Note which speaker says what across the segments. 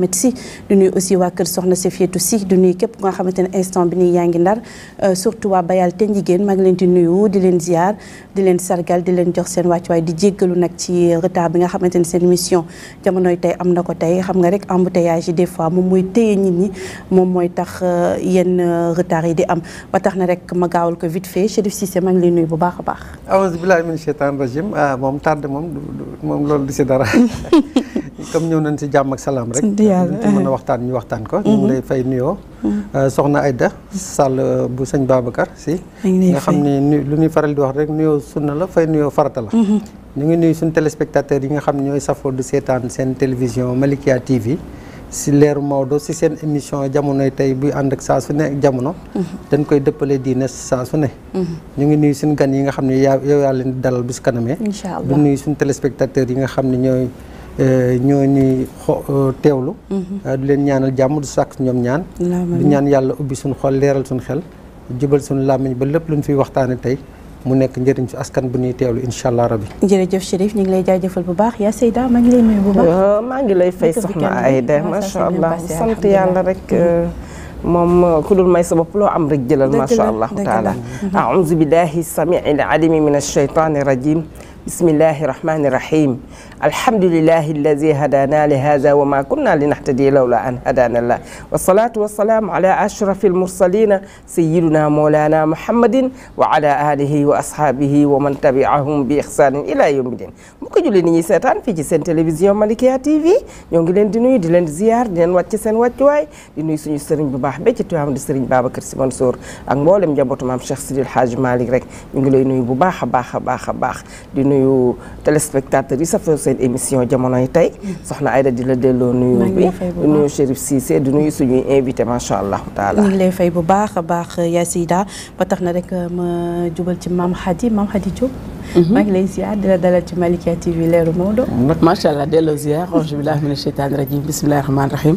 Speaker 1: Ahmed Sy du nuy aussi waa kër soxna Sefietou Sy du nuy képp nga xamante ne instant bi nii yaa ngi ndar euh, surtout waa Bayal te njigéen maa ngi leen di nuyu di leen ziar di leen sargal di leen jox seen wàccuwaay di jéggalu nag ci retard bi nga xamante ne seen émission jamonoy tey am na ko tey xam nga rek en embouteillage yi des fois moom mooy téye nit ñi moom mooy tax euh, yenn euh, retard yi di am ba na rek ma gaawal ko vite fait Chérif Cissé maa ngi lay nuyu bu baax a baax.
Speaker 2: awuzu billaahi min sheytaan rajim ah, moom tardé moom lool loolu du si dara. comme ñëw nañ ci jamm ak salam rek ci mëna eh. waxtaan ñu waxtaan ko ñu mm-hmm. lay fay nuyo mm-hmm. euh, soxna ayda sal euh, bu sëñ Babacar si nga xamni lu ñuy faral di wax rek nuyo sunna la fay nuyo farata la mm-hmm. ñu ngi nuyu sun téléspectateurs yi nga xam ñoy safo du sétane sen télévision Malikia TV si leeru mawdo si sen émission jamono tay bu and ak sa su ne jamono dañ koy di diine sa su ne ñu ngi nuyu sun gan yi nga xamni yow yaa leen dalal bis inshallah bu nuyu sun téléspectateurs yi nga xamni ñoy Eh, ñoo ñuy xo eh, teewlu. Mhm. Eh, du leen ñaanal jàmm du sàkk ñoom ñaan. du ñaan yàlla ubbi suñu xol leeral suñu xel. jubal suñu làmmiñ ba lépp lu luñ fiy waxtaanee tey mu nekk njëriñ su askan bu nuy teewlu incha allah rabi.
Speaker 1: jërëjëf Chérif ñu ngi lay jaajëfal bu baax yaa Seyda maa ngi lay nuyu bu baax.
Speaker 2: maa ngi lay fay soxna Aïda
Speaker 3: macha allah sant yàlla rek. Euh, moom euh, ku dul may sa bopp loo am rek jëlal macha allahu بسم الله الرحمن الرحيم الحمد لله الذي هدانا لهذا وما كنا لنهتدي لولا أن هدانا الله والصلاة والسلام على أشرف المرسلين سيدنا مولانا محمد وعلى آله وأصحابه ومن تبعهم بإحسان إلى يوم الدين ممكن جولي نيي سيتان في سن تلفزيون مالكيا تي في نيونغي لين دي دي لين زيار دي لين واتي سن واتي واي دي نوي سونو سيرن بو باخ بي تي تو امد سيرن بابا كير سيمون اك مبولم جابوتو مام شيخ سيدي الحاج مالك رك نيونغي لي نوي بو باخ باخ باخ باخ دي nuyu téléspectateurs yi safoo seen émission jamonoy tey soxna Aïda di la delloo nuyu bi nuyu Chérif Cissé di nuyu suñuy invité macha allah taala ñu ngi
Speaker 1: lay fay bu baax a baax yaa Sida ba tax na rek ma jubal ci maam Xadi maam Xadi Diop maa ngi lay ziar di la dalal ci Malikia TV leeru Maodo
Speaker 4: macha allah delloo ziar auzu billahi mina sheytaani rajim bismillahi rahmaani rahim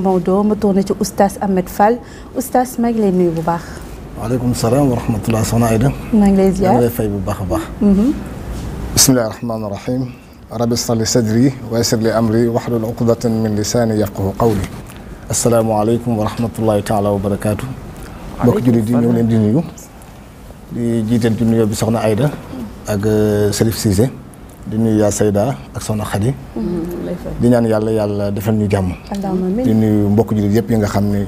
Speaker 1: Kër Maodo ma tourné ci oustaz Ahmed Fall oustaz maa ngi lay nuyu bu baax.
Speaker 5: waaleykum salaam wa rahmatulah soxna Aida. maa ngi lay ziar maa ngi lay fay bu baax a baax. bismillahi rahmaani rahim. rabbi ishrah li sadri wa yassir li amri wahlul uqdatan min lisaani yafqahu qawli. asalaamaaleykum wa rahmatulahi taala wa barakaatu. mbokk jullit yi ñu ngi leen di nuyu. di jiital ci nuyoo bi soxna Aida. ak Serif Cissé. di nuyu yaa Sayda ak Soxna Xadi di ñaan yàlla yàlla defal ñu jàmm. di nuyu mbokk jullit yëpp yi nga xam ne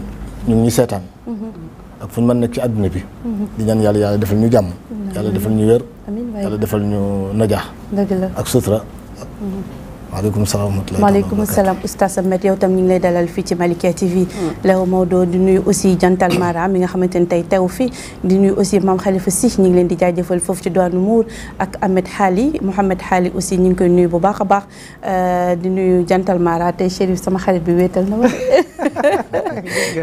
Speaker 5: ñu ngi ñuy seetaan.
Speaker 6: Mm-hmm.
Speaker 5: ak fu ñu mën nekk ci àdduna bi. Mm-hmm. di ñaan yàlla yàlla defal ñu jàmm. Mm-hmm. yàlla defal ñu wér. yàlla defal ñu najaax. ak sutura. وعليكم السلام ورحمه الله وعليكم
Speaker 1: السلام استاذ سمت يو تام نغي دالال في تي مالكيه تي في له موضوع دي نوي اوسي جانتال مارا ميغا خامتاني تاي تاو في دي نوي اوسي مام خليفه سيخ نغي لين دي جاجيفال فوف تي دوان مور اك احمد حالي محمد حالي اوسي نينكو نوي بو باخا باخ دي نوي جانتال مارا تي شريف سما خالد بي ويتال نوا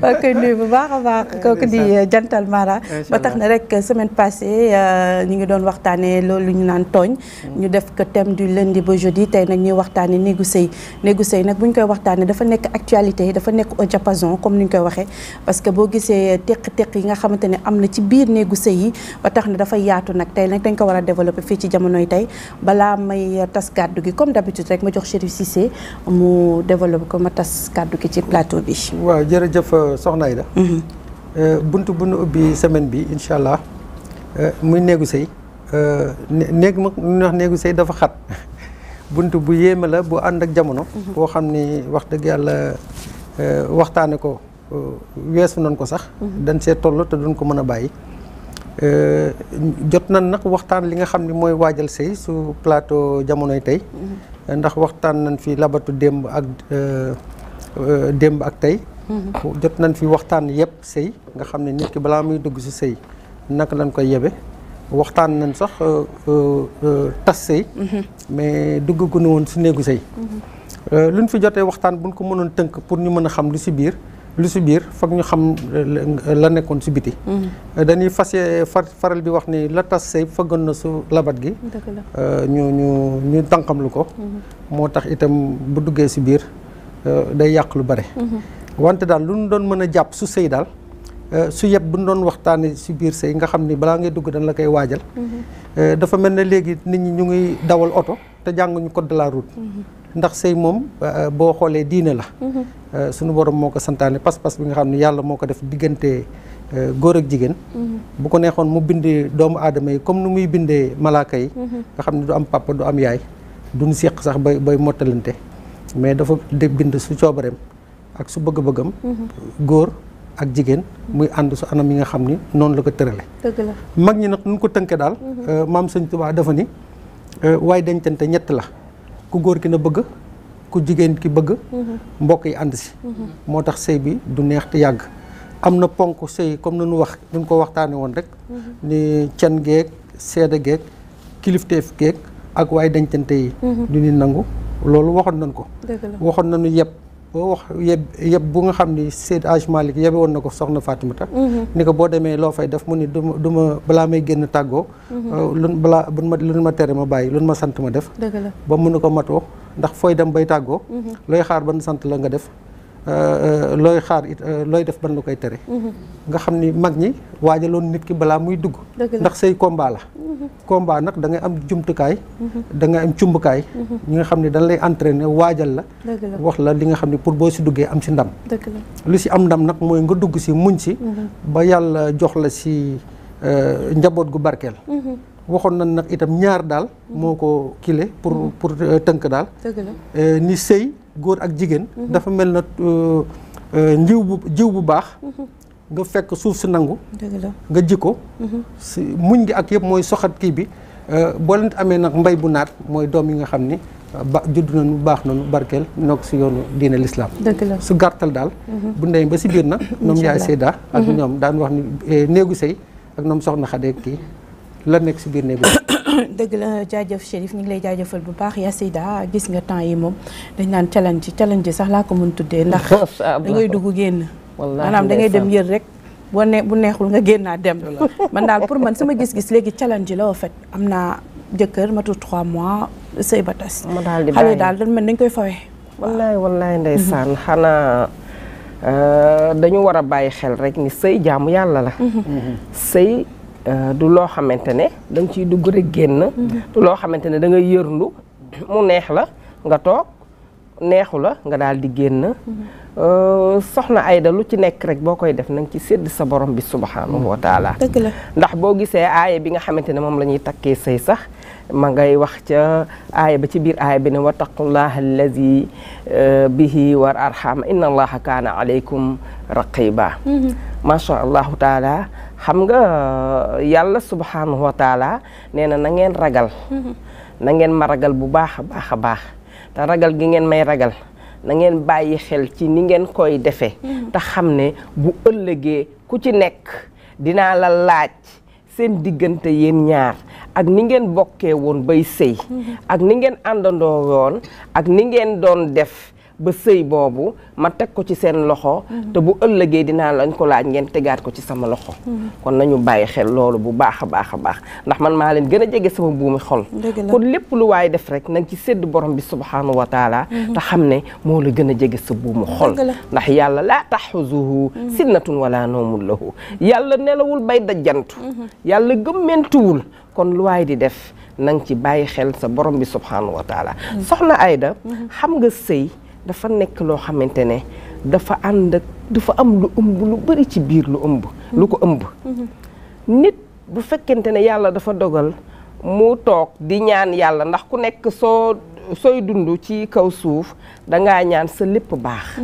Speaker 1: اوكي نوي بو باخا باخ كوك دي جانتال مارا با تخنا ريك سيمين باسي نيغي دون واختاني لولو ني نان توغ ني ديف كو تيم دو لندي بو جودي تاي نك ني waxtaanee néegu sëy néegu sëy nag bu ñu koy waxtaanee dafa nekk actualité dafa nekk au diapason comme ni ñu koy waxee parce que boo gisee teq-teq yi nga xamante ne am na ci biir néegu sëy yi ba tax na dafa yaatu nag tey nag dañ ko war a développer fii ci jamonoy tey balaa may tas kàddu gi comme d'habitude rek ma jox Chérif Cissé mu développer ko ma tas kàddu gi ci plateau
Speaker 2: bi. waaw jërëjëf soxna da bunt bu nu ubbi semaine bi incha allah euh, muy néegu sëy euh, néeg ma ñu wax néegu sëy dafa Buntu bu yema la bu and ak jamono. Mhm. bo xamni wax deug yalla euh waxtane ko euh, weesu non ko sax. Mhm. dañ ci tollu te duñ ko mën bayyi euh jot nañ nak waxtan li nga xamni moy mooy sey su plateau jamono tay mhm. ndax waxtan nañ fi labatu demb ak euh, euh, demb ak tay jot nañ fi waxtan yeb sey nga xamni nit ki bala muy dugg ci sey nak lañ koy yebé waxtaan nañ sax euh, euh, euh, tas sëy mhm. mais duggagunu woon si néegu sëy mhm. luñ fi jotee waxtaan buñ ko mënoon tënk pour ñu mën a xam lu si biir lu si biir foog ñu xam la nekkoon si biti mhm. dañuy fas faral di wax ni la tas sëy fëggoon na su labat gi ñu ñu ñu tànqam lu ko moo tax itam bu duggee si biir day yàq lu bare wante daal lu ñu doon mën a jàpp su sëy daal Euh, su yëpp bu ñu doon waxtaanee si biir sëy nga xam ni balaa ngay dugg dañ la koy waajal. Mm-hmm. Euh, dafa mel ne léegi nit ñi ñu ngi dawal oto te jàng ñu de la route. Mm-hmm. ndax sëy moom euh, boo xoolee diine la. Mm-hmm. sunu borom moo ko santaane pas-pas bi nga xam ne yàlla moo ko def diggante góor ak jigéen. bu ko neexoon mu bind doomu aadama yi comme nu muy bindee malaaka yi. nga xam ne du am papa du am yaay duñu seq sax bay bay mottalante mais dafa bind su coobareem ak su bëgg-bëggam. góor. ak jigéen muy ànd su anam yi nga xam ni noonu la ko tërale mag ñi nag nu ko tënkee daal mhm. euh, maam sëñ Tuubaa dafa ni euh, waaye dencante ñett la ku góor ki na bëgg ku jigéen ki bëgg mhm. mbokk yi ànd si mhm. moo tax sëy bi du neex te yàgg am na ponk sëy comme nu wax duñ ko waxtaane woon rek ni cen geeg seede geeg kilifteef geeg ak waaye dencante yi du ñu nangu loolu waxoon nañ ko waxoon nañu yëpp ko wax yeb yeb bu nga xam ni Seydi Hadj Malick yebe woon na ko soxna Fatimata mhm. ni ko boo demee loo fay def mu ni du ma ma balaa may génn tàggoo
Speaker 5: mhm. euh, lun
Speaker 2: balaa ma lun ma tere ma bàyyi lun ma sant ma def ba mënu ko matoo ndax fooy dem bay tàggoo mhm. looy xaar ban sant la nga def Euh, euh, looy xaar it euh, looy def ban la koy tere. Mhm. nga xam ni mag ñi waajaloon nit ki balaa muy dugg. ndax say combat la. Mhm. combat nag da ngay am jumtukaay. Mhm. da ngay am cumbukaay. ñi nga xam ne dañ lay entraîner waajal la. wax la li nga xam ne pour boo si duggee am si ndam. lu si am ndam nag mooy nga dugg si muñ si. ba yàlla jox la si njaboot gu barkeel. waxoon nañ nag itam ñaar daal moo ko kile pour mhm. pour euh, tënk daal euh, ni sëy góor ak jigéen mhm. dafa mel na euh, njiw bu jiw bu baax mhm. nga fekk suuf si nangu nga ji ko si muñ gi ak yëpp mooy soxat kii bi boo leen amee nag mbay bu naat mooy doom yi nga xam ni ba judd nañu baax nañu barkeel noog si yoonu diine lislaam su gàrtal daal bu ndey ba si biir na ñoom yaay Seyda ak ñoom daan wax ni eh, néegu sëy ak ñoom soxna Xade kii lan nekk si biir néeg
Speaker 1: dëgg la jaajëf Chérif ñu ngi lay jaajëfal bu baax yaa Seyda gis nga temps yi moom dañ naan challenge challenge sax laa ko mën tuddee ndax
Speaker 4: da
Speaker 3: ngay dugg génn maanaam da ngay dem yër
Speaker 1: rek boo bu neexul nga génnaa dem man daal pour man sama gis-gis léegi challenge la en fait am naa jëkkër matu trois
Speaker 3: mois sëy ba tas xale daal
Speaker 1: dañ mel dañ koy fawee
Speaker 3: wallaay nday mhm. ndeysaan xanaa euh, dañu war a bàyyi xel rek ni sëy jaamu yàlla la mhm. Euh, mm-hmm. du loo xamante ne da ciy dugg rek génn. loo xamante ne da nga yërndu mu neex la nga toog neexu la nga daal di génn. Mm-hmm. Euh, soxna Ayda lu ci nekk rek boo koy def na ci sédd sa borom bi subhaanahu wa ndax boo gisee aaya bi nga xamante ne moom la ñuy takkee say sax. ma ngay wax ca aaya ba ci biir aaya bi ne wattaqullaha allazi euh, bihi war arham inna allaha kaana alaykum raqiba ma mm-hmm. sha allahu taala xam nga euh, yàlla subhaanahu wa nee na na ngeen ragal mm-hmm. na ngeen ma ragal bu baax a baax a baax te ragal gi ngeen may ragal nangeen bàyyi xel ci ni ngeen koy defee mm-hmm. te xam ne bu ëllëgee ku ci nekk dinaa la laaj seen diggante yéen ñaar ak ni ngeen bokkee woon bay sëy mm-hmm. ak ni ngeen àndandoo yoon ak ni ngeen doon def ba sëy boobu ma teg ko ci seen loxo. Mhm. te bu ëllëgee dinaa lañ ko laaj ngeen tegaat ko ci sama loxo. Mhm. kon nañu bàyyi xel loolu bu baax a baax a baax ndax man maa leen gën a jege sama buumi xol. kon lépp lu waaye def rek nag ci sédd borom bi subhaanahu wa taala. Mhm. te xam ne moo la gën a jege sa buumu xol. ndax yàlla laa tax taxuzuhu sinnatun wala noomul lahu yàlla nelawul bay dajantu. yàlla gëmmentuwul kon lu waaye di def na nga ci bàyyi xel sa borom bi subhaanahu wa soxna Ayda nga sëy. dafa nekk loo xamante ne dafa ànd ak dafa am lu ëmb lu bari ci biir lu ëmb lu ko ëmb nit bu fekkente ne yàlla dafa dogal mu toog di ñaan yàlla ndax ku nekk soo sooy dund ci kaw suuf dangaa ñaan sa lépp baax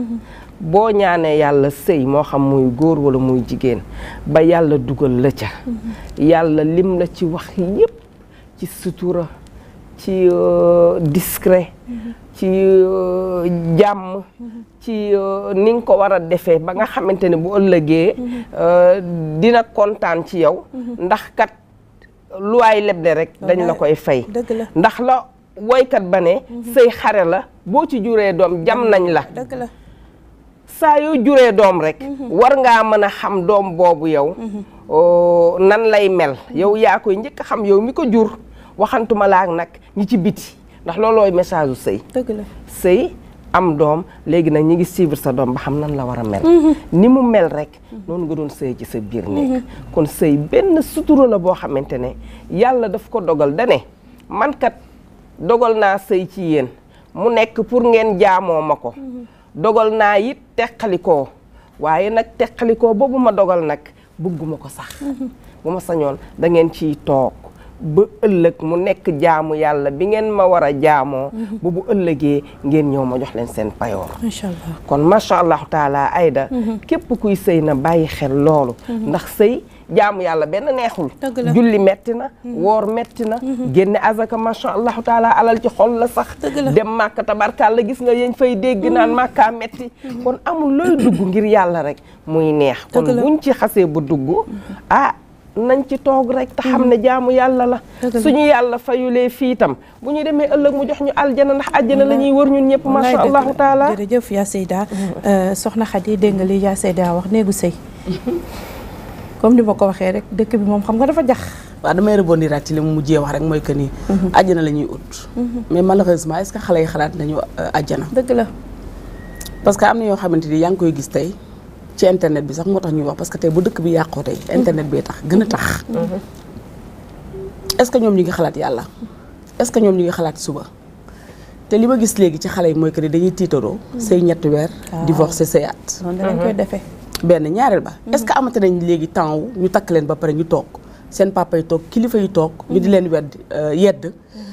Speaker 3: boo ñaanee yàlla sëy moo xam muy góor wala muy jigéen ba yàlla dugal la ca yàlla lim la ci wax yépp ci sutura ci euh, discret ci euh, jàmm ci euh, ni nga ko war a defee ba nga xamante ne bu ëllëgee dina kontaan ci yow ndax kat lu waay leble rek dañ la koy fay ndax la woykat ba ne sëy xare la boo ci juree doom jam nañ la saa yoo juree doom rek mhm. war ngaa mën a xam doom boobu yow mhm. nan lay mel mhm. yow yaa koy njëkk xam yow mi ko jur waxantuma laa nag ñi ci biti ndax loolooy message u sëy sëy am doom léegi nag ñi ngi suivre sa doom ba xam nan la war a mel mhm. ni mu mel rek noonu nga doon sëy ci sa biir néeg mhm. kon sëy benn sutura boo xamante ne yàlla daf ko dogal dane man kat dogal naa sëy ci yéen mu nekk pour ngeen jaamoo ma ko mhm. dogal naa it teqalikoo waaye nag teqalikoo boobu ma dogal nag bugguma ko sax bu ma sañoon da ngeen ciy toog ba ëllëg mu nekk jaamu yàlla bi ngeen ma war a jaamoo mhm. ba bu ëllëgee ngeen ñëw ma jox leen seen payoor allah kon macha allahu taala da mhm. képp kuy sëy na bàyyi xel loolu mhm. ndax sëy jaamu yàlla benn neexul julli metti na woor metti na génne azaka macha allahu taala alal ci xol la sax dem màkka tabarkàlla gis nga yéen fay dégg naan màkkaa metti kon amul looy dugg ngir yàlla rek muy neex kon buñ ci xasee ba dugg ah nañ ci toog rek te xam ne jaamu yàlla la su suñu yàlla fayulee fii itam bu ñu demee ëllëg mu jox ñu aljana ndax aljana la ñuy wër ñun ñëpp masha allahu taala jërëjëf yaa Seyda mm-hmm.
Speaker 1: euh, soxna Xadi dégg nga li yaa Seyda wax néegu sëy mm-hmm. comme ni ma ko waxee rek dëkk bi moom xam nga dafa jax
Speaker 4: waaw damay rebondiraat ci li mu mujjee wax rek mooy que ni mm-hmm. aljana la ñuy ut mais malheureusement est-ce que xale yi xalaat nañu euh, aljana dëgg la parce que am na yoo xamante ni yaa ngi koy gis tey ci internet bi sax moo tax ñuy wax parce que tey bu dëkk bi yàqoo tey internet bee tax gën a tax est-ce que ñoom li ngi xalaat yàlla est-ce que ñoom ñu ngi xalaat suba te li ma gis léegi ci xale yi mooy que ni dañuy tiitaroo say ñetti weer divorcé say at
Speaker 1: dañ koy defee
Speaker 4: benn ñaareel ba mhm. est-ce que amate nañ léegi temps wu ñu takk leen ba pare ñu toog seen papa yi toog kilifa yi toog ñu di leen wedd euh, yedd mhm.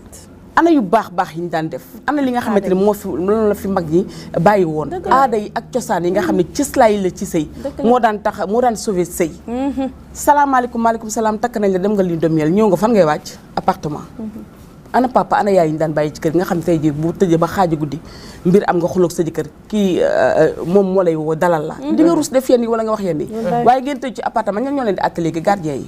Speaker 4: ana yu baax baax yi ñu daan def ana li nga xamante ne moo fi loolu la fi mag ñi bàyyi woon aada yi ak cosaan yi nga xam ne cëslaay la ci sëy moo daan tax moo daan sauver sëy mhm. salaamaaleykum maaleykum salaam takk nañ la dem nga dem domeel ñëw nga fan ngay wàcc appartement mhm. ana papa ana yaay yi ñu daan bàyyi ci kër nga xam ne tey jii bu tëjee ba xaaji guddi mbir am nga xuloog sa kër kii euh, euh, moom moo lay woo dalal la mhm. di nga rus def yenn yi wala nga wax yenn yi waaye ngeen tëj ci appartement ñan ñoo leen di atelier gi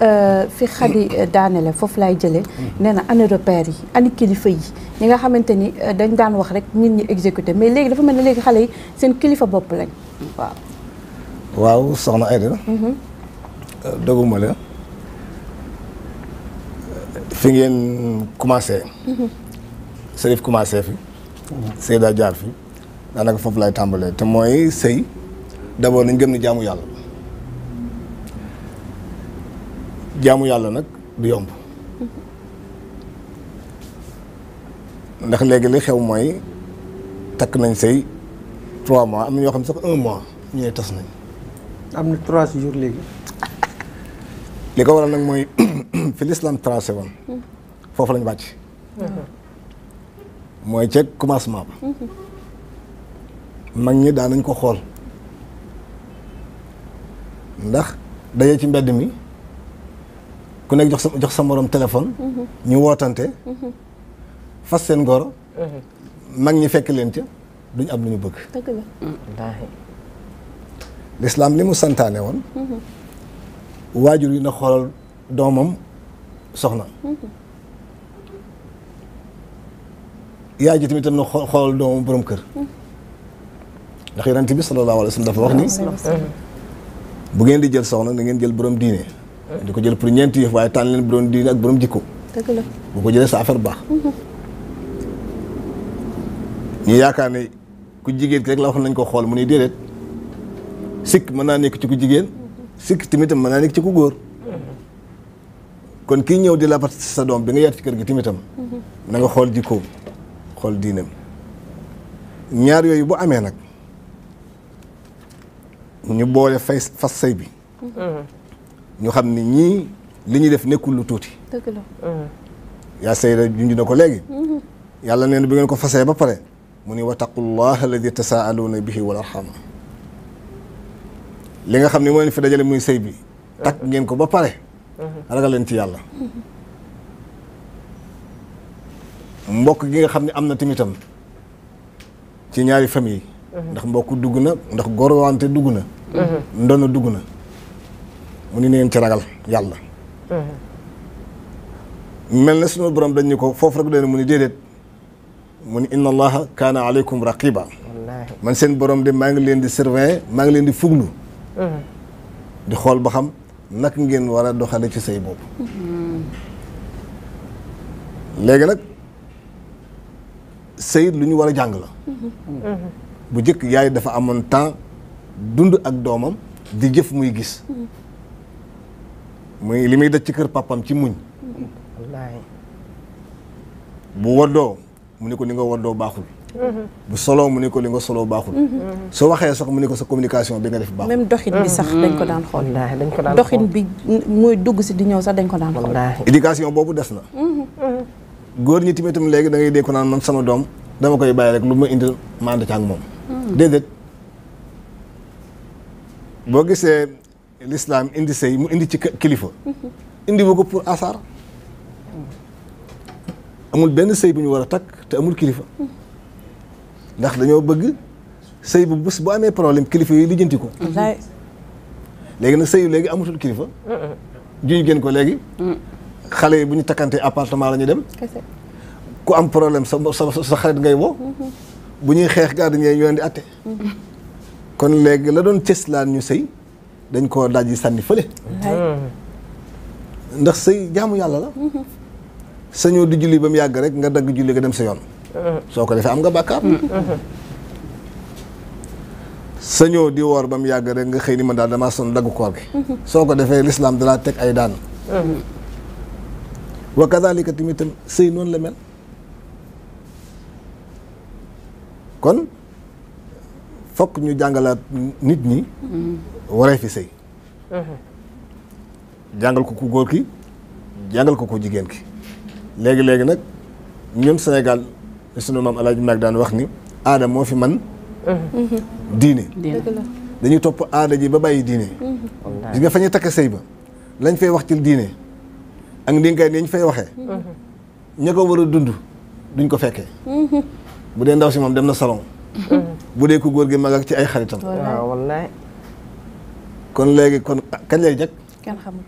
Speaker 1: Euh, fi xadi euh, daanele foofu laay jële mm. nee na ani repère yi ani kilifa yi ñi nga xamante ni euh, dañ daan wax rek nit ñi exécuté mais léegi dafa mel ne léegi xale yi seen kilifa bopp lañ waaw
Speaker 5: waaw soxna Aïda mm-hmm. doguma la fi ngeen commencé mm-hmm. Serif commencé fi Seyda jaar fi daanaka foofu laay tàmbalee te mooy sëy d'abord nañ gëm ni jaamu yàlla jaamu yàlla nag du yomb ndax léegi li xew mooy takk nañ sëy trois mois am na ñoo xam sax un mois ñu tas nañ. am na trois jours léegi. li ko waral nag mooy fi l'islam tracé woon foofu lañu bàcc
Speaker 6: mhm.
Speaker 5: mooy ceeg commencement ba. mag ñi daan nañ ko xool ndax daje ci mbedd mi. ku nekk jox sa jox sa morom téléphone. Mhm. ñu wootante. Mhm. fas seen ngoro. Mhm. mag ñi fekk leen ca duñ am lu ñu bëgg. dëgg la. lislaam li mu santaane woon. waajur yi na xoolal doomam soxna. yaay ji tamit na xoolal doomam borom kër. ndax yonent bi sallallahu alayhi wa dafa wax ni. bu ngeen di jël soxna na ngeen jël boroom diine. di ko jël pour ñeenti yëf waaye tànn leen bu doon diine ak borom jikko. dëgg la bu ko jëlee sa affaire baax. Mhm. ñu yaakaar ne ku jigéen ki rek la wax nañ ko xool mu ni déedéet sikk mën naa nekk ci ku jigéen sikk timitam mën naa nekk ci ku kon di sa doom bi nga ci kër gi timitam mhm. na nga xool xool ñaar bu amee nag ñu boole fas say bi mhm. ñu xam ni ñii li ñuy def nekkul lu tuuti.
Speaker 6: dëgg la. Mm-hmm.
Speaker 5: yaa Seyda junj na ko léegi. Mm-hmm. yàlla neen bi ngeen ko fasee ba pare mu ni wattaqullaha alladi tasaaluuna bihi wal arham li nga xam ne moo leen fi dajale muy sëy bi takk ngeen ko ba pare mm-hmm. ragal leen ci yàlla mbokk gi nga xam ne am na tamitam ci ñaari yi ndax mbokk dugg na ndax gor gorwante dugg na ndono dugg na mu ni neen ci ragal yàlla
Speaker 6: mm-hmm.
Speaker 5: mel na suñu borom dañ ñu ko foofu rek doon mu ni déedéet mu ni inna allaha kaana aleykum raqiba man seen borom de maa ngi leen di surveiller maa ngi leen di fuglu
Speaker 6: mm-hmm.
Speaker 5: di xool ba xam nag ngeen war a doxale ci say boobu
Speaker 6: mm-hmm.
Speaker 5: léegi nag sëyit lu ñu war a jàng la bu jëkk yaay dafa amoon temps dund ak doomam di jëf muy gis muy li muy daj ci kër papam ci muñ. wallaahi. bu woddoo mu ni ko li nga woddoo baaxul. Mhm. bu solo mu ne ko li nga solo baaxul. Mhm. soo waxee sax mu ne ko sa communication bi nga def baaxul. même
Speaker 1: doxin bi sax dañ ko daan xool.
Speaker 5: dañ ko daan xool doxin
Speaker 1: bi muy dugg si di ñëw sax dañ ko daan xool.
Speaker 5: éducation boobu des na.
Speaker 6: Mhm.
Speaker 5: góor ñi timitam léegi da ngay ko naan man sama doom dama koy bàyyi rek lu ma indi ma ànd ca ak moom. déedéet boo gisee. l'islam indi sëy mu indi ci kilifa indi wu ko pour asar amul benn sëy bu ñu war a takk te amul kilifa ndax dañoo bëgg sëy bu bés bu amee problème kilifa yi lijjanti ko léegi nag sëyu léegi amatul kilifa juñ gën ko léegi xale yi bu ñu takkante appartement la ñu dem ku am problème sa sa xarit ngay woo bu ñuy xeex gardien ñoo leen di atte mm-hmm. kon léegi la doon cëslaan ñu sëy dañ koo daal di sànni fële. Hmm. ndax sëy jaamu yàlla la. Hmm. sañoo di julli ba mu yàgg rek nga dagg julli nga dem sa yoon. Hmm. soo ko defee am nga bàkkaar. sañoo di woor ba mu yàgg rek nga xëy ni man daal damaa sonn dagg koor gi. soo ko defee lislaam dalaa teg ay daan. wa kadalika tamit sëy noonu la mel. kon fokk ñu jàngalaat nit ñi. waree fi sëy mhm. jàngal ko ku góor ki jàngal ko ku jigéen ki léegi léegi nag ñun senegal sunu maam El Hadj Mag daan wax ni aada moo fi man mhm. Mhm. diine dañuy topp aada ji ba bàyyi diine gis nga fa ñu takk sëy ba lañ fay wax ci diine ak ndénkaay yi ñu fay waxee ña ko dund duñ ko fekkee bu dee ndaw si moom dem na salon bu dee ku góor gi mag ci ay xaritam ah, كن لاجي كن كن لاجي جك كن خمول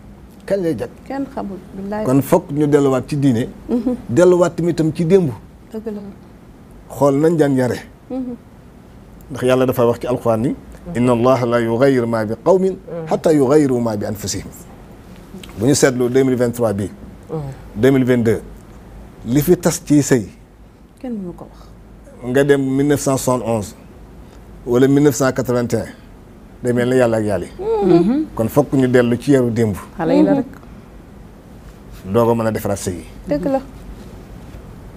Speaker 5: كن لاجي جك
Speaker 1: كن خمول بالله كن
Speaker 5: فوق ندلوا تدينه دلوا تميتم تدينه تقولون خال ننجان ياره نخيال دفع وقت القرآن إن الله لا يغير ما بقوم حتى يغيروا ما بأنفسهم بني سد لو 2023 بي 2022 لي في تاس تي سي كان موكو واخ nga dem 1971 wala 1981 day la ni yàlla ak yàlla yi mm-hmm. kon fokk ñu dellu ci yaru démb mm-hmm. doo ko mën a defaraat sëy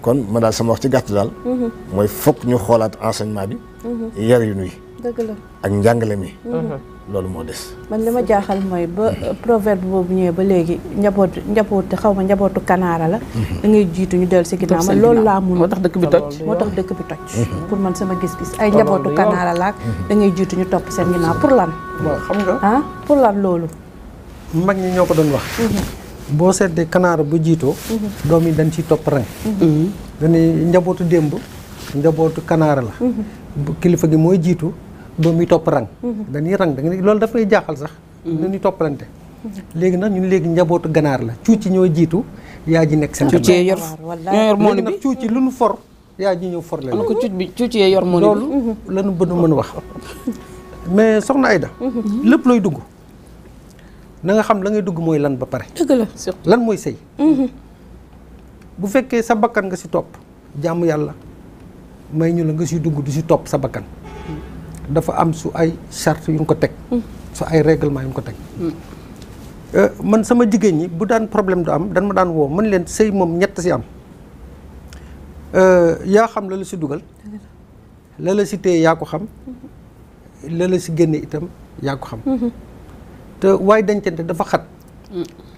Speaker 5: kon ma daal sama wax ci gàtt daal mm-hmm. mooy fokk ñu xoolaat ensegnement bi yar yu nuy dëgg la ak njàngale mi. Mhm. loolu moo des.
Speaker 1: man li ma jaaxal mooy ba proverbe boobu ñëwee ba léegi njaboot njabootu xaw ma njabootu kanaara la. Mhm. dangay jiitu ñu dellu si ginnaaw loolu laa mun.
Speaker 4: moo tax dëkk moo tax dëkk bi toj. Mhm.
Speaker 1: pour sama gis-gis ay njabootu kanaara laak da jiitu ñu topp seen ginnaaw pour lan.
Speaker 2: waaw xam nga ah pour lan loolu. mag ñi ñoo ko doon wax. boo seetee kanaara bu jiitoo. doom yi dañ ciy topp rang. dañuy njabootu démb njabootu kanaara la. kilifa gi mooy jiitu. do mi top rang dañuy rang da nga ni loolu dafay jaxal sax dañuy toppalante léegi nak ñun léegi njabootu ganar la cuuci ñoo jitu yaa ji sen seen cuuci yor yor moonu bi cuuci lu for ya ji ñëw for leen ko cuuc bi cuuci yor moonu bi loolu lanu bënu mën wax mais soxna Aida lepp loy dugg na nga xam la ngay dugg moy lan ba pare deug la lan moy sey bu fekke sa bakkan nga ci top jamm yalla may ñu la nga ci dugg du ci top sa bakkan dafa am su ay charte yu ñu ko teg hmm. su ay règlement yu ñu ko teg hmm. euh, man sama jigéen ñi bu daan problème du am dan ma daan woo mën leen sëy moom ñett si am euh, yaa xam la la si dugal la la si téye yaa ko xam la la si génne itam yaa ko xam hmm. te waaye dencante dafa xat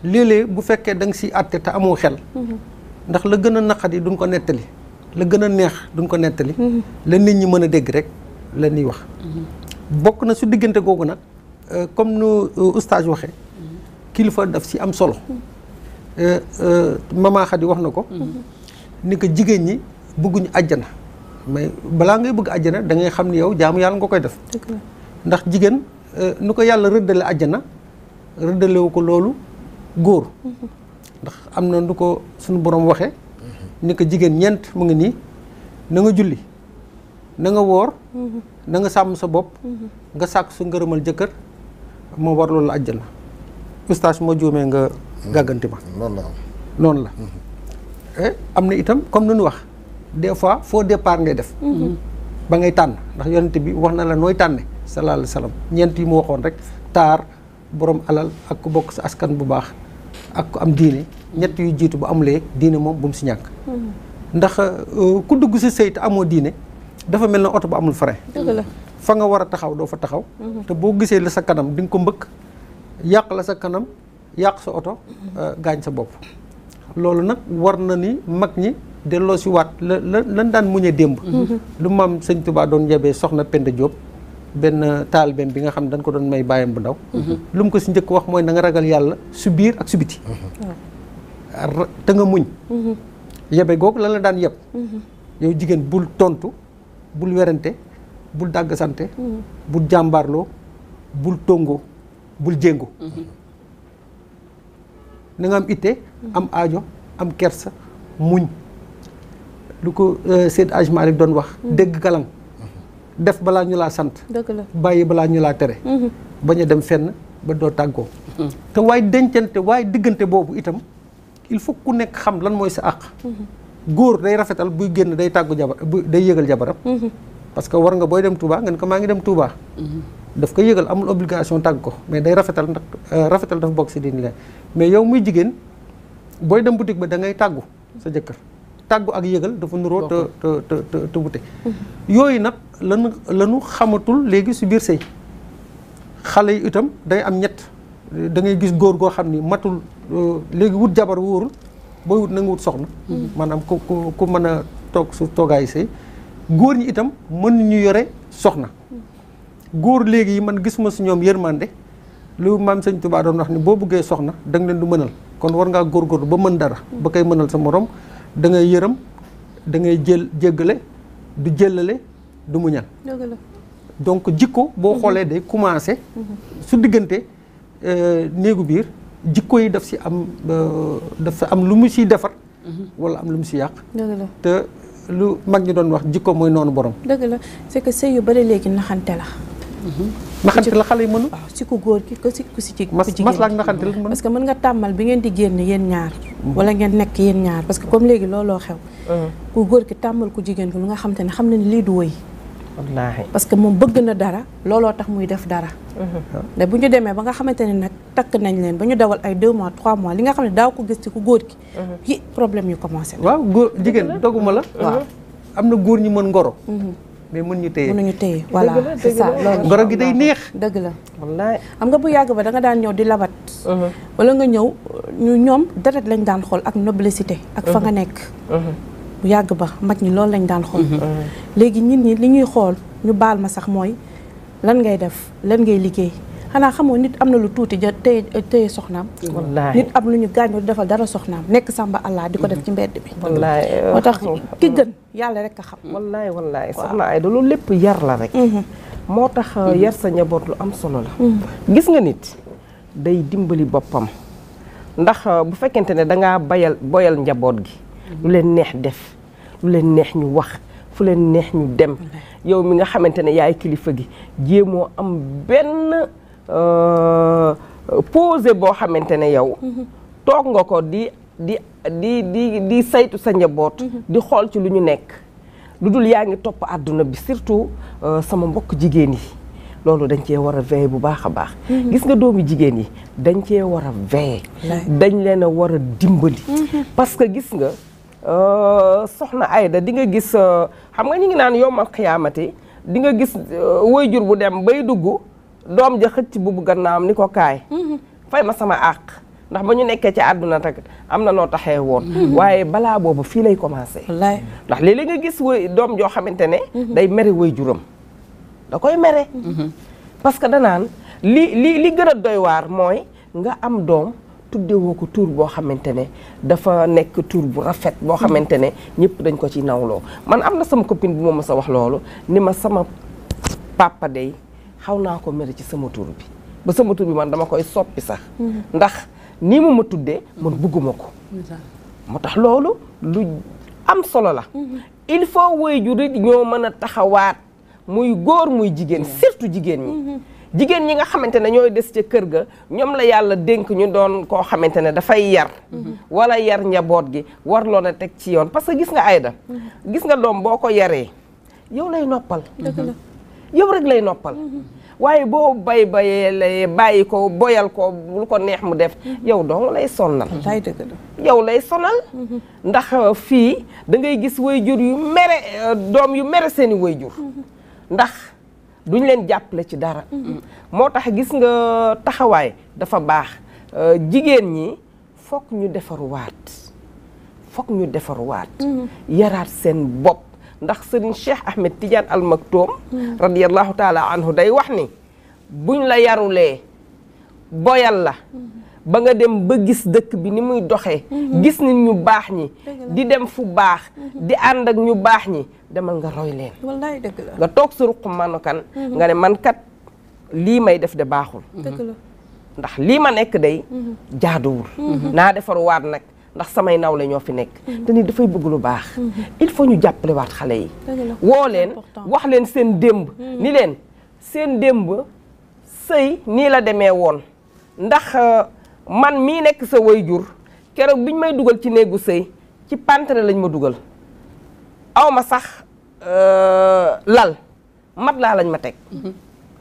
Speaker 2: léeg-léeg bu fekkee da nga si àtte te amoo xel ndax la gën a naqat yi duñ ko nettali la gën a neex duñ ko nettali la nit ñi mën a dégg rek la ñuy wax. bokk na su diggante googu nag euh, comme nu euh, oustaz waxee. kilifa daf si am solo. Euh, maman Khady wax na ko. ni ko jigéen ñi bëgguñu àjjana. mais balaa ngay bëgg àjjana dangay xam ni yow jaamu yàlla nga koy def. ndax jigéen nu ko yàlla rëddale àjjana rëddalewu ko loolu góor. ndax am na nu ko suñu borom waxee. ni ko jigéen ñeent mu ngi nii na nga julli. na nga wor mhm. na nga sam sa bop mhm. nga sak su ngeureumal jeuker mo war loolu àjjana oustaz mo joomé nga mhm. gàgganti ma non la am eh, amna itam comme nuñ wax des fois fo départ ngay def ba ngay tan ndax yonent bi wax na la noy tànne sallallahu alayhi wasallam ñent yi mo waxon rek tar borom alal ak ku bok sa askan bu baax ak ku am diine ñet yu jitu bu amulee diine mom bu mu ci ñak ndax euh, ku dugg ci seyt amo dafa mel ne oto bu amul frein. fa nga war a taxaw doo fa taxaw. Mhm. te boo gisee la sa kanam di nga ko mbëkk yàq la sa kanam yàq sa oto euh, gaañ sa bopp. loolu nag war na ni mag ñi delloo si waat la la lan daan muñe démb. Mhm. lu maam sëñ Tuubaa doon yebee soxna Penda Diop. benn taalibeem bi nga xam ne dañ ko doon may bàyyam bu ndaw. Mhm. lu mu ko si njëkk wax mooy na nga ragal yàlla su biir ak su biti. te nga muñ. yebe googu lan la daan yeb. yow jigéen bul tontu. bul werante bul dàgg sante hmm. bul jàmbarloo bul tongo bul jéngu hmm. na am itte hmm. am ajo am kersa muñ lu ko euh, Seydi Hadji Malick doon wax dëgg kalang def balaa ñu laa sant bàyyi balaa ñu laa tere bañ a dem fenn ba doo tàggoo te waaye dencante waaye diggante boobu itam il faut ku nekk xam lan mooy sa àq Gur day rafetal buy genn day taggu jabar day yëgal jabaram mhm. parce que war nga boy dem Touba ngeen ko maangi dem Touba mhm. daf ko yëgal amul obligation tàgg ko mais day rafetal ndax euh, rafetal daf bok ci din leen mais yow muy jigen boy dem boutique ba da ngay taggu sa jëkkër taggu ak yëgal dafa nuro te te te te wute mhm. yoy nak lanu lañu xamatul légui su bir sey xalé itam day am ñet da ngay gis gor go xamni matul euh, légui wut jabar wuurul booy wut na nga soxna. manam ku ku meuna tok item su togay ci góor ñi itam meun ñu yoré soxna. góor léegi man man ma su ñom yërmande lu mam seigne touba doon wax ni bo bëggee soxna da nga leen du mënal kon war ngaa góorgóorlu ba mën dara. ba kay mënal sa morom da ngay yërëm da ngay jël jéggalé du jëlalé du muñal. donc jikko bo xolé day commencé. su euh négu biir. jikko yi daf si am daf si am lu mu siy defar. Mm-hmm. wala am lu mu si yàq. dëgg la te lu mag ñi doon wax jikko mooy noonu borom.
Speaker 1: dëgg la c'est que sëy yu bari léegi naxante la.
Speaker 2: Mm-hmm. naxante la xale yi mënu si
Speaker 1: ku góor ki ko si ku si jigéen maslaak naxante la parce que mën nga tàmbal bi ngeen di génn yéen ñaar mm-hmm. wala ngeen nekk yéen ñaar parce que comme léegi looloo xew uh-huh. ku góor ki tàmbal ku jigéen ki lu nga xam te ne xam na ni lii du woy
Speaker 3: wallaahi parce que
Speaker 1: moom bëgg na dara looloo tax muy def dara. mais
Speaker 3: mm-hmm.
Speaker 1: bu ñu demee ba nga xamante ne nag takk nañ leen ba ñu dawal ay deux mois 3 mois li nga xam ne daaw ko gis ci ku góor ki.
Speaker 2: Mm-hmm. yi problème yu commencé. waaw góor jigéen doguma la. Mm-hmm. waa am na góor ñu mën ngoro. mais mën ñu téye mën ñu téye voilà c'est ça ngoro gi day
Speaker 1: neex. dëgg la wallaay xam nga bu yàgg ba da nga daan ñëw di labat. wala nga ñëw ñu ñoom deret lañ daan xool ak noblicité. ak fa nga nekk. bu yàgg ba mag ñi loolu lañ daan xool mhm. léegi nit ñi li ñuy xool ñu baal ma sax mooy lan ngay def lan ngay liggéey xanaa xamoo nit am na lu tuuti ja téye téye soxnaam nit am lu ñu gaañ du defal dara soxnaam nekk sàmba allah di ko def mhm. ci mbedd bi wallaay eh, moo tax ki gën yàlla rek a xam
Speaker 3: wallaay wallaay soxna ay da lépp yar la rek mhm. moo tax eh, yar sa njaboot lu am solo la gis nga nit day dimbali boppam ndax eh, bu fekkente ne dangaa bayal boyal njaboot gi lu leen neex def lu leen neex ñu wax fu leen neex ñu dem yow mi nga xamante ne yaay kilifa gi jéemoo am benn euh, posé boo xamante ne yow mhm. toog nga ko di di di di di saytu sa njaboot mhm. di xool ci lu ñu nekk lu dul yaa ngi topp àdduna bi surtout euh, sama mbokk jigéen yi loolu dañ cee war a veiller bu baax a baax mhm. gis nga doomu jigéen yi dañ cee war a veiller dañ leen a war a dimbali parce gis nga Euh, soxna Ayda di nga gis euh, xam nga ñu ngi naan yowmal xiyaamati di nga gis euh, jur bu dem bay dugg doom ja xëcc bu bu am ni ko kaay. Mhm. fay ma sama àq ndax ba ñu nekkee ci àdduna tak am na noo taxe woon. Mhm. waaye balaa boobu fii lay commencé. wallaay ndax lii léeg nga gis way doom joo xamante ne. Mhm. day mere waajuram da koy mere. parce que danaan li lii li gën a doy waar mooy nga am doom. tuddewoo ko tur boo xamante ne dafa nekk tur bu rafet boo xamante ne ñëpp dañ ko ci nawloo man am na sama copine bu ma mës a wax loolu ni ma sama papa xaw naa ko mere ci sama tur bi ba sama tur bi man dama koy soppi sax mm-hmm. ndax nii ma ma tuddee man bugguma ko moo tax loolu lu am solo la mm-hmm. il faut waajur it ñoo mën a taxawaat muy góor muy jigéen surtout jigéen ñi mm-hmm. jigéen ñi nga xamante ne ñooy des ca kër ga ñoom la yàlla dénk ñu doon koo xamante ne dafay yar mm-hmm. wala yar njaboot gi warloon a teg ci yoon parce que gis nga ay Aïda mm-hmm. gis nga doom boo ko yaree yow lay noppal mm-hmm. yow rek lay noppal waaye boo bay bayee lay bàyyi ko boyal ko lu ko neex mu def yow dong lay sonnal yow lay sonal ndax uh, fii da ngay gis way jur yu mere uh, doom yu mere seeni way jur ndax duñ leen jàppale ci dara. moo tax gis nga taxawaay dafa baax euh, jigéen ñi foog ñu defaruwaat foog ñu defaruwaat. Mm-hmm. yaraat seen bopp ndax sëriñ Cheikh Ahmed Tidiane Al Maktoum. Mm-hmm. radiyallahu anhu day wax ni buñ la yarulee boyal la. Mm-hmm. ba nga dem ba gis dëkk bi ni muy doxee mhm. gis nit ñu baax ñi di dem fu baax mhm. di ànd ak ñu baax ñi demal nga roy leen nga toog sa ruq manukan mhm. nga ne man kat lii may def de baaxul ndax lii ma nekk day jaaduwul naa defar nag ndax samay nawle ñoo fi nekk te ni dafay bëgg lu baax il faut ñu jàppalewaat xale yi woo leen wax leen seen démb ni leen seen démb sëy nii la demee woon ndax euh, man mii nekk sa way jur keroog biñ may dugal ci néegu sëy ci pantere lañ ma dugal awma ma sax euh, lal mat laa lañ ma teg mhm.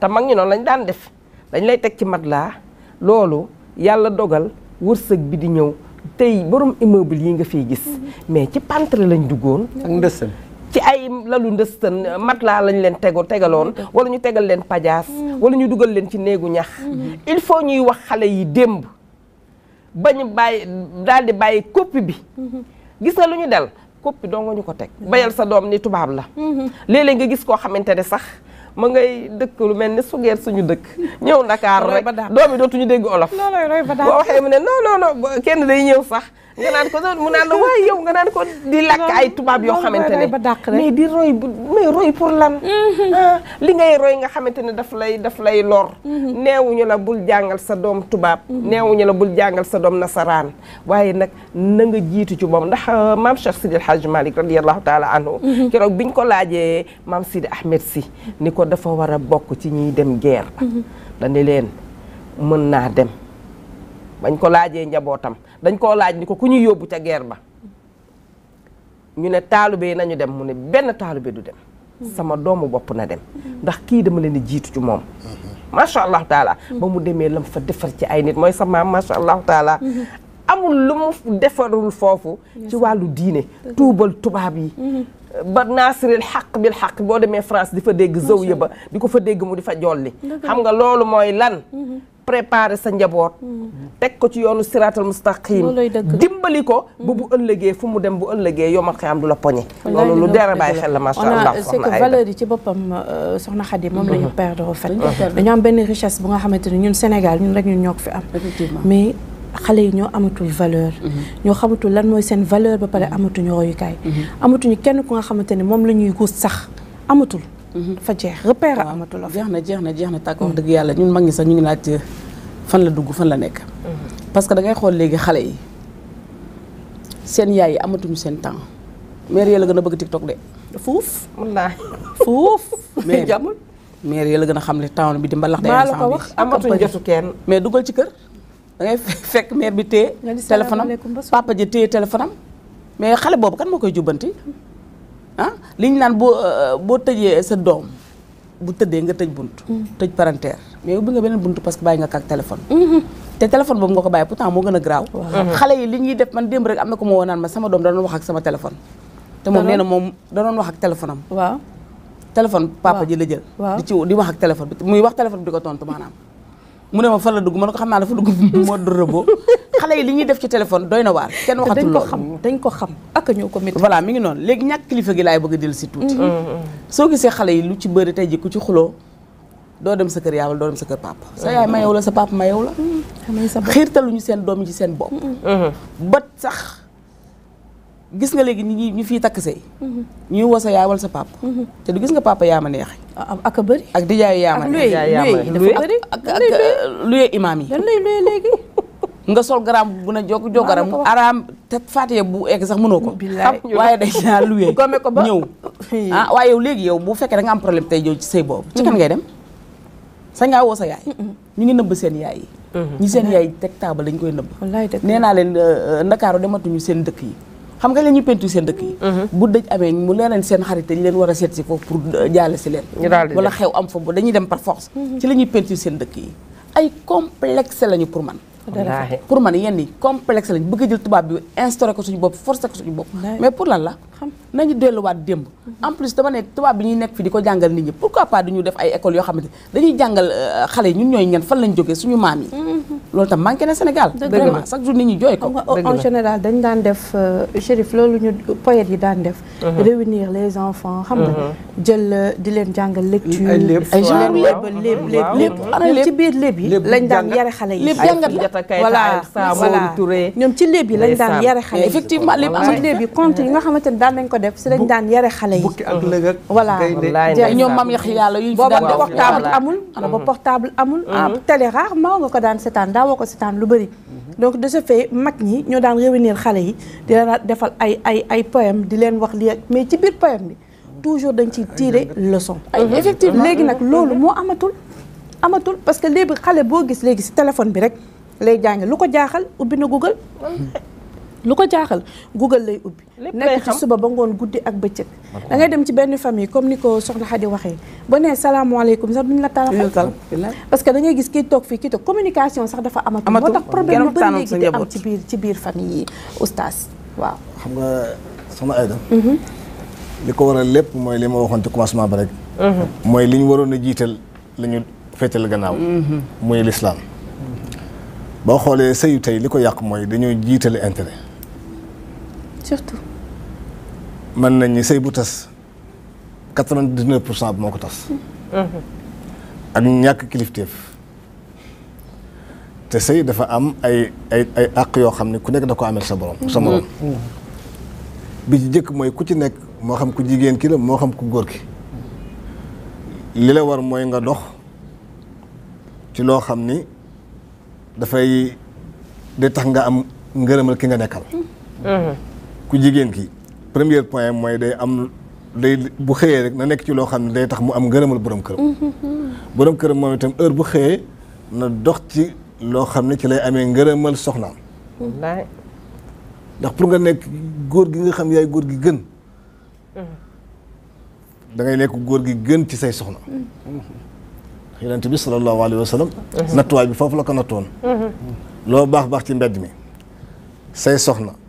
Speaker 3: te mag ñu noonu lañ daan def dañ lay teg ci mat laa loolu yàlla dogal wërsëg bi di ñëw tey borom immeuble yi nga fiy gis mhm. mais ci pantere lañ duggoon ak ndësam ci ay lalu ndëstan mat laa lañ leen tego tegaloon mhm. wala ñu tegal leen pajaas wala ñu dugal leen ci néegu ñax il faut ñuy wax xale yi démb bañu bàyyi daal di bàyyi copie bi mhm. gis nga lu ñu del copie doo nga ñu ko teg bayal sa doom ni tubaab la mhm. léeg nga gis koo xamante ne sax ma ngay dëkk lu mel ni sugeer suñu dëkk ñëw Ndakaar rek doom yi dootuñu dégg olof boo waxee mu ne non non non kenn day ñëw sax nga naan mu naan la waaye yow nga naan ko di làkk ay tubaab yoo xamante ne mais di roy mais roy pour lan mhm. ah, li ngay roy nga xamante ne daf lay daf lay lor mhm. neewuñu la bul jàngal sa doom tubaab mhm. neewuñu la bul jàngal sa doom nasaraan waaye nag na jiitu ci moom ndax euh, maam Cheikh Sidi El Hadj Malick radiallahu taala anhu keroog biñ ko laaje maam Sidi Ahmed si ni ko dafa war a bokk ci ñiy dem guerre ba dani leen mën naa dem bañ ko laajee njabootam dañ koo laaj ni ko ku ñu yóbbu ca guerre ba ñu ne taalu yi nañu dem mu ne benn taalu taalibe du dem sama doomu boppu na dem ndax kii dama leen jiitu ci moom macha allah taala ba mu demee lam fa defar ci ay nit mooy sama macha allah taala amul lu mu defarul foofu ci wàllu diine tuubal tubaab yi mm-hmm. ba naasiril xaq bil xaq boo demee France di fa dégg zow ba di ko fa dégg mu di fa jolli xam nga loolu mooy lan mm-hmm. préparer sa njaboot. teg ko ci yoonu siraatal mustaqim dimbali ko ba bu ëllëgee fu mu dem bu ëllëgee yomal xiyam du la poñe loolu lu dara bàyyi xel la macha allah valeur
Speaker 1: yi ci boppam euh, soxna Khady moom la ñu mm-hmm. perdre au fait mm-hmm. dañu am benn richesse bu nga xamante ni ñun Sénégal ñun rek ñun ñoo ko fi am mais xale yi ñoo amatul valeur mm-hmm. ñoo xamatul lan mooy seen valeur ba pare amatuñu royukaay amatuñu kenn ku nga xamante ni moom la ñuy guus sax amatul dafa jeex repère amatul
Speaker 4: jeex na jeex na jeex na tàkk wax dëgg yàlla ñun mag ñi sax ñu ngi laajte fan la dugg fan la nekk
Speaker 3: mhm.
Speaker 4: parce que da xool léegi xale yi seen yaay yi amatuñu seen temps mère yee la gën a bëgg tiktok de
Speaker 3: fuuf wallaahi
Speaker 6: fuuf
Speaker 4: mais jamul la gën a xam ne temps bi di mbalax day la ko wax amatuñu jotu kenn mais dugal ci kër da fekk mère bi téye téléphone am papa ji téye téléphone mais xale boobu kan moo koy jubbanti ah li ñu naan boo euh, boo tëjee sa doom bu tëddee nga tëj bunt mm. tëj parenteer mais ubbi nga beneen bunt parce que bàyyi nga kak téléphone mm-hmm. te téléphone boobu nga ko bàyyi pourtant moo gën a graaw mm-hmm. xale yi li ñuy def man démb rek am na ko ma woo naan ma sama doom da doon wax ak sama téléphone te moom nee na moom danoon wax ak téléphone am waaw téléphone papa ji la jël di wax ak téléphone muy wax téléphone bi di ko tontu maanaam mu ne ma fan la dugg man ko xam naa dafa dugg mode de robot xale yi li ñuy def ci téléphone doy na waar kenn waxatul loolu dañ ko xam
Speaker 1: dañ ko xam ak ñoo ko métti voilà
Speaker 4: mi ngi noonu léegi ñàkk kilifa gi laay bëgg a si tuuti mm-hmm. soo gisee xale yi lu ci bëri tey jii ku ci xuloo doo dem sa kër yaay doo dem sa kër papa sa yaay mayow la sa papa mayow mm-hmm. ñu seen doom yi ci seen bopp
Speaker 6: mm-hmm.
Speaker 4: bat sax gis nga léegi ñi ñu fiy takk sey ñuy woo sa yaay wala sa papa te du gis nga papa yaa ma neexee ak bëri. ak dijaayu yaama ak di luy dafa bëri. ak uh, luy imaam yi. dañ nga sol garam bu na jog jogaram araam te faatiya bu egg sax mënoo ko waaye day naa luwee ñëw ah waaye yow léegi yow bu fekkee da am problème tey jow ci sëy boobu ci kan mm-hmm. ngay dem sa ngaa woo yaay ñu ngi nëbb seen yaay yi mm-hmm. ñi seen yaay teg taabal lañ koy nëbb nee naa leen uh, uh, ndakaaru dematuñu seen dëkk yi xam nga leen ñu pentu seen dëkk yi mhm. bu dëj amee mu leen seen xarit dañ leen war a seet si foofu pour jaale si leen wala xew am fa bu dañuy dem par force mhm. ci la ñuy seen dëkk yi ay complexe lañu pour man pour man yenn yi complexe lañu bëgg jël tubaab bi instauré ko suñu bopp forcé ko suñu bopp mais pour lan la xam nañu delluwaat démb. en plus dama ne tubaab bi ñuy nekk fi di ko jàngal nit ñi pourquoi pas du ñu def ay école yoo xamante dañuy jàngal euh, xale yi ñun ñooy ñan fan lañ jógee suñu
Speaker 1: maam yi.
Speaker 6: Mm-hmm. loolu tam manqué na Sénégal.
Speaker 4: vraiment
Speaker 1: daan def euh, Chérif loolu ñu poètes yi daan def. Mm-hmm. réunir les enfants. xam nga mm-hmm. jël euh, di leen jàngal lecture. ay lépp ay yi. lañ daan yare xale yi. lépp jàngat la voilà voilà ñoom ci lépp yi lañ yi. compte yi nga xamante ne daan nañ ko def si lañ daan yare xale yi. bukki ak lëg ak voilà
Speaker 3: ñoom mam yax yàlla yu ñu fi daan def portable amul mm-hmm. boobu
Speaker 1: portable amul mm-hmm. ah, nga ko daan seetaan daawoo ko seetaan lu bari mm-hmm. donc de ce fait mag ñi ñoo daan réunir xale yi di defal ay ay ay poème di leen wax li ak mais ci biir poème bi toujours dañ ciy tirer leçon effectivement léegi nag loolu moo amatul amatul parce que léegi xale boo gis léegi si téléphone bi rek lay jàng lu ko jaaxal ubbi na Google lu ko jaaxal Google lay ubbi. nekk ci suba ba ngoon guddi ak bëccëg. da ngay dem ci benn famille comme ni ko soxna Xadi waxee. ba salaamaaleykum sax duñ la parce que da ngay gis kii toog fii kii toog communication sax dafa amatul. moo tax problème yu bëri léegi di am ci biir famille yi oustaz
Speaker 5: waaw. xam nga soxna Aida. Mhm. li ko waral lépp mooy li ma waxoon ci commencement ba rek. Mhm. mooy li ñu waroon a jiital la ñu féetal gannaaw. Mhm. muy lislaam boo xoolee sëyu tey li ko yàq mooy dañuy jiitale intérêt. mën nañ ni sëy bu tas quatre vingt pour cent bi moo ko tas. Mhm. ak ñàkk kilifteef te sëy dafa am ay ay ay àq yoo xam ne ku nekk da ko amel sa borom. sa mhm. morom mhm. bi ci jëkk mooy ku ci nekk moo xam ku jigéen ki la moo xam ku góor ki li la war mooy nga dox ci loo xam ni dafay day tax nga am ngërëmal ki nga nekkal. ku jigéen ki premier point mooy day am day bu xëyee rek na nekk ci loo xam ne day tax mu am ngërëmal borom këram. borom këram moom itam heure bu xëyee na dox ci loo xam ne ci lay amee ngërëmal soxnaam. ndax pour nga nekk góor gi nga xam yaay góor gi gën. da nekk góor gi gën ci say soxna. yonent bi sallallahu alayhi wa sallam. Mhm. nattuwaay bi foofu la ko nattoon. Mhm. loo baax baax ci mbedd mi say soxna.